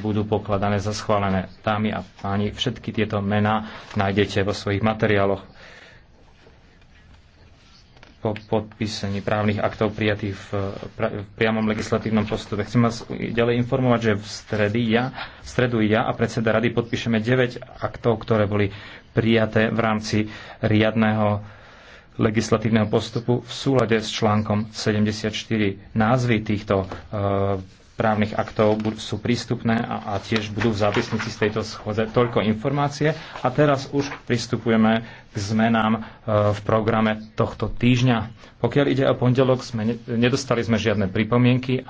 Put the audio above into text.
budú pokladané za schválené. Dámy a páni, všetky tieto mená nájdete vo svojich materiáloch po podpísení právnych aktov prijatých v, v priamom legislatívnom postupe. Chcem vás ďalej informovať, že v, stredy ja, v stredu ja a predseda rady podpíšeme 9 aktov, ktoré boli prijaté v rámci riadného legislatívneho postupu v súlade s článkom 74. Názvy týchto uh, právnych aktov sú prístupné a, a tiež budú v zápisnici z tejto schôdze toľko informácie. A teraz už pristupujeme k zmenám e, v programe tohto týždňa. Pokiaľ ide o pondelok, sme, nedostali sme žiadne pripomienky